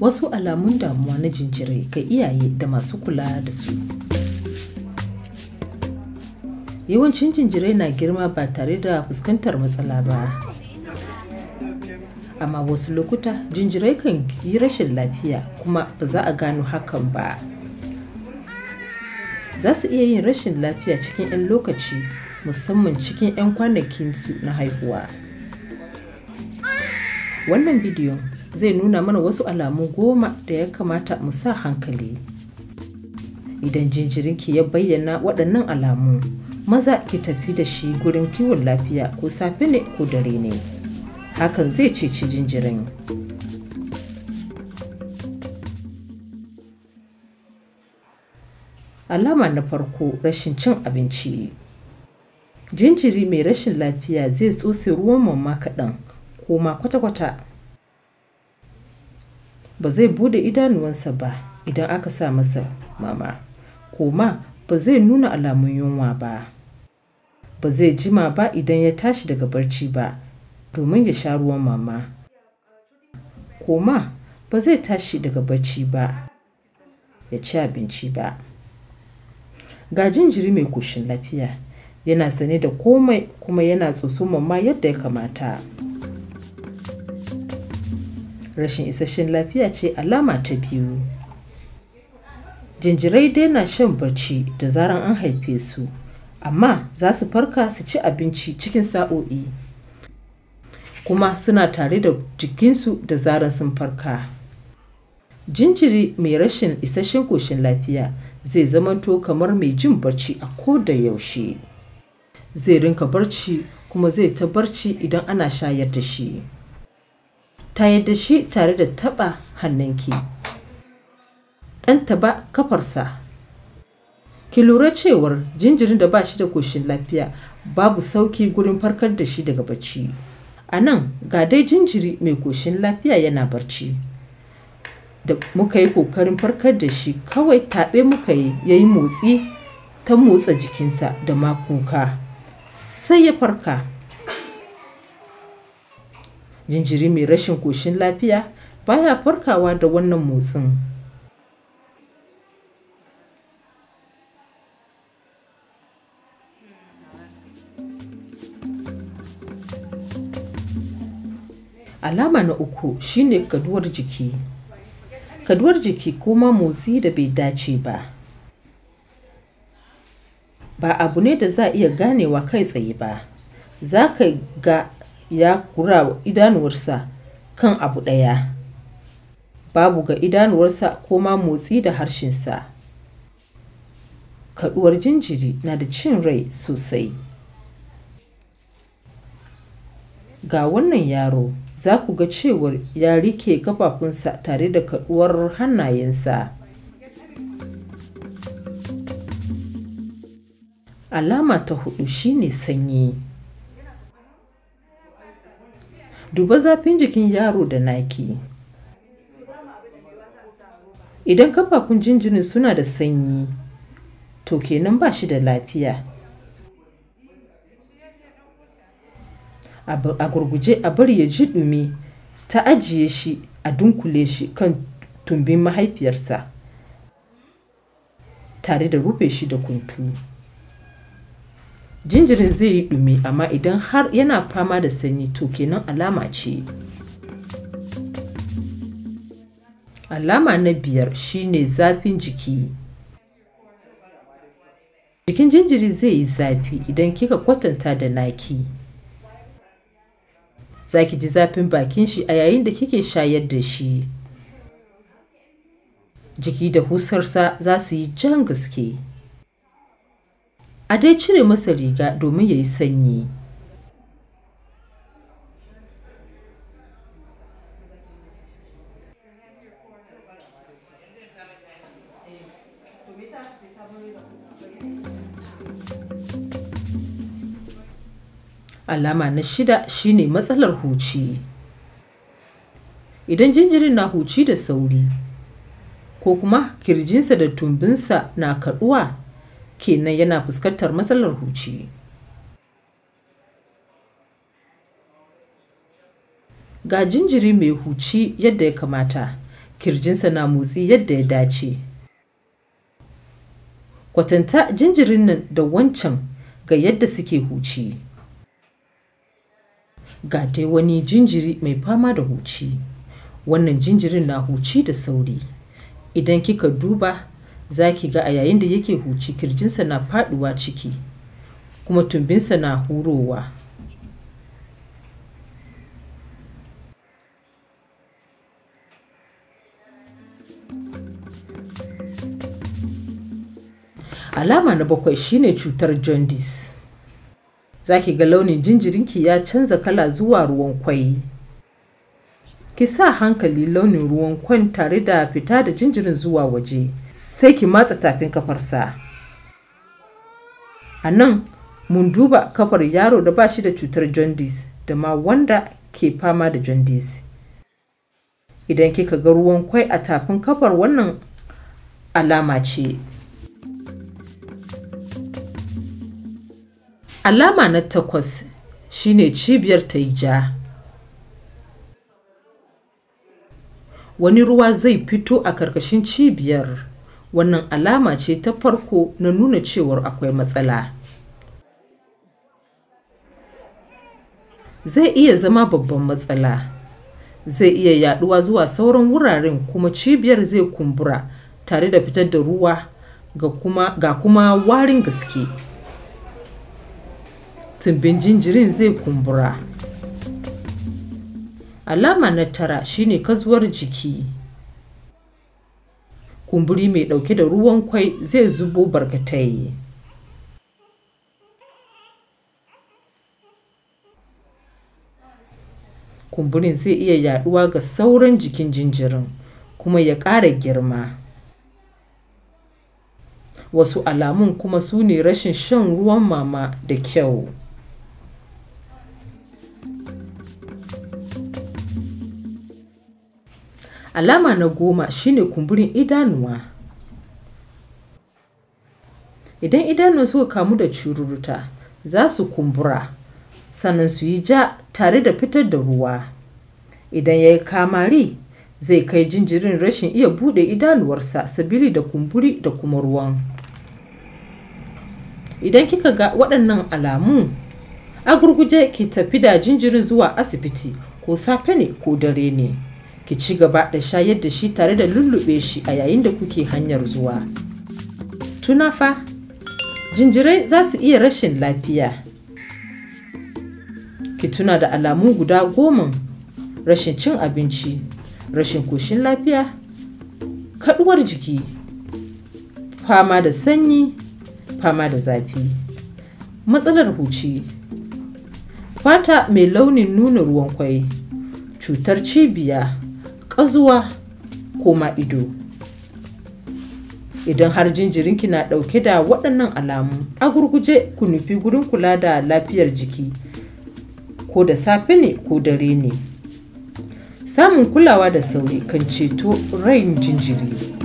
wasu alamun damuwa na jinjirai ga iyaye da masu kula da su yawancin jinjirai na girma ba tare da fuskantar matsala ba amma wasu lokuta jinjirai kan yi rashin lafiya kuma ba za a gano hakan ba za su iya yin rashin lafiya cikin 'yan lokaci musamman cikin 'yan kwanakinsu na haihuwa wannan bidiyon zai nuna mana wasu alamu goma da ya kamata mu sa hankali idan jinjirinki ya bayyana waɗannan alamu maza ki tafi da shi gurin kiwon lafiya ko safe ne ko dare ne hakan zai ceci jinjirin alama na farko rashin cin abinci jinjiri mai rashin lafiya zai tsose ruwan mamma kaɗan ko ma kwata-kwata ba zai bude idanuwansa ba idan aka sa masa mama koma ba zai nuna alamun yunwa ba ba zai jima ba idan ya tashi daga barci ba domin ya sha ruwan mama koma ba zai tashi daga barci ba ya ci abinci ba ga jinjiri mai koshin lafiya yana sane da komai kuma yana tsotson mama yadda ya kamata. rashin isasshen lafiya ce alama ta biyu jinjirai dai na shan barci da zaran an haife su amma za su farka su ci abinci cikin sa'o'i kuma suna tare da jikinsu da zaran sun farka jinjiri mai rashin isasshen koshin lafiya zai zamanto kamar mai jin barci a ko da yaushe zai rinka barci kuma zai ta barci idan ana shayar da shi tayar da shi tare da taɓa hannunki ɗan taɓa kafarsa ki lura cewar jinjirin da ba shi da koshin lafiya babu sauki gurin farkar da shi daga bacci a nan ga dai jinjiri mai koshin lafiya yana barci da muka yi kokarin farkar da shi kawai taɓe muka yi ya yi motsi ta motsa jikinsa da makuka sai ya farka jinjiri mai rashin koshin lafiya baya farkawa da wannan motsin alama na uku shine kaduwar jiki kaduwar jiki kuma motsi da bai dace ba ba abu ne da za a iya ganewa kai tsaye ba za ka ga ya kura idanuwarsa kan abu ɗaya babu ga idanuwarsa ko ma motsi da harshensa kaduwar jinjiri na da cin rai sosai ga wannan yaro za ku ga cewar ya rike kafafunsa tare da kaduwar hannayensa alama ta hudu shine sanyi duba zafin jikin yaro da naki idan kafafun jinjirin suna da sanyi to kenan ba shi da lafiya a gurguje a bari ya ji dumi, ta ajiye shi a dunkule shi kan tumbin mahaifiyarsa tare da rufe shi da kuntu. jinjirin zai yi ɗumi amma idan har yana fama da sanyi to kenan alama ce alama na biyar shine zafin jiki jikin jinjiri zai yi zafi idan kika kwatanta da naki za ki ji zafin bakin shi a yayin da kike shayar da shi jiki da husarsa za su yi jan gaske a dai cire masa riga domin ya yi sanyi alama na shida shine matsalar huci idan jinjirin na huci da sauri ko kuma kirjinsa da tumbinsa na kaɗuwa? kenan yana fuskantar matsalar huci ga jinjiri mai huci yadda ya kamata kirjinsa na motsi yadda ya dace kwatanta jinjirin nan da wancan ga yadda suke huci ga dai wani jinjiri mai fama da huci wannan jinjirin na huci da sauri idan kika duba za ki ga a yayin da yake huci kirjinsa na faduwa ciki kuma tumbinsa na hurowa alama na bakwai shine cutar jaundice za ki ga launin jinjirinki ya canza kala zuwa ruwan kwai. ki sa hankali launin ruwan kwan tare da fita da jinjirin zuwa waje sai ki matsa tafin kafarsa a nan mun duba kafar yaro da ba shi da cutar jaundice da ma wanda ke fama da jaundice idan kika ga ruwan kwai a tafin kafar wannan alama ce alama na takwas shine cibiyar ta yi ja wani ruwa zai fito a karkashin cibiyar wannan alama ce ta farko na nuna cewar akwai matsala zai iya zama babban matsala zai iya yaduwa zuwa sauran wuraren kuma cibiyar zai kumbura tare da fitar da ruwa ga kuma, warin gaske tumbin jinjirin zai kumbura alama na tara shine kazuwar jiki kumburi mai ɗauke da ruwan kwai zai zubo barkatai kumburin zai iya yaduwa ga sauran jikin jinjirin kuma ya ƙara girma wasu alamun kuma su ne rashin shan ruwan mama da kyau alama na goma shine kumburin idanuwa idan idanuwa suka kamu da cururuta za su kumbura sannan su yi ja tare da fitar da ruwa idan ya yi kamari zai kai jinjirin rashin iya buɗe idanuwarsa sabili da kumburi da kuma ruwan idan kika ga waɗannan alamu a gurguje ki tafi da jinjirin zuwa asibiti ko safe ne ko dare ne ki ci gaba da shayar da shi tare da lullube shi a yayin da kuke hanyar zuwa tuna fa jinjirai za su iya rashin lafiya ki tuna da alamu guda goma rashin cin abinci rashin koshin lafiya kaduwar jiki fama da sanyi fama da zafi matsalar huci fata mai launin nuna ruwan kwai cutar cibiya ƙazuwa ko ma ido idan har jinjirinki na ɗauke da waɗannan alamu a gurguje ku nufi gurin kula da lafiyar jiki ko da safe ne ko dare ne samun kulawa da sauri kan ceto rain jinjiri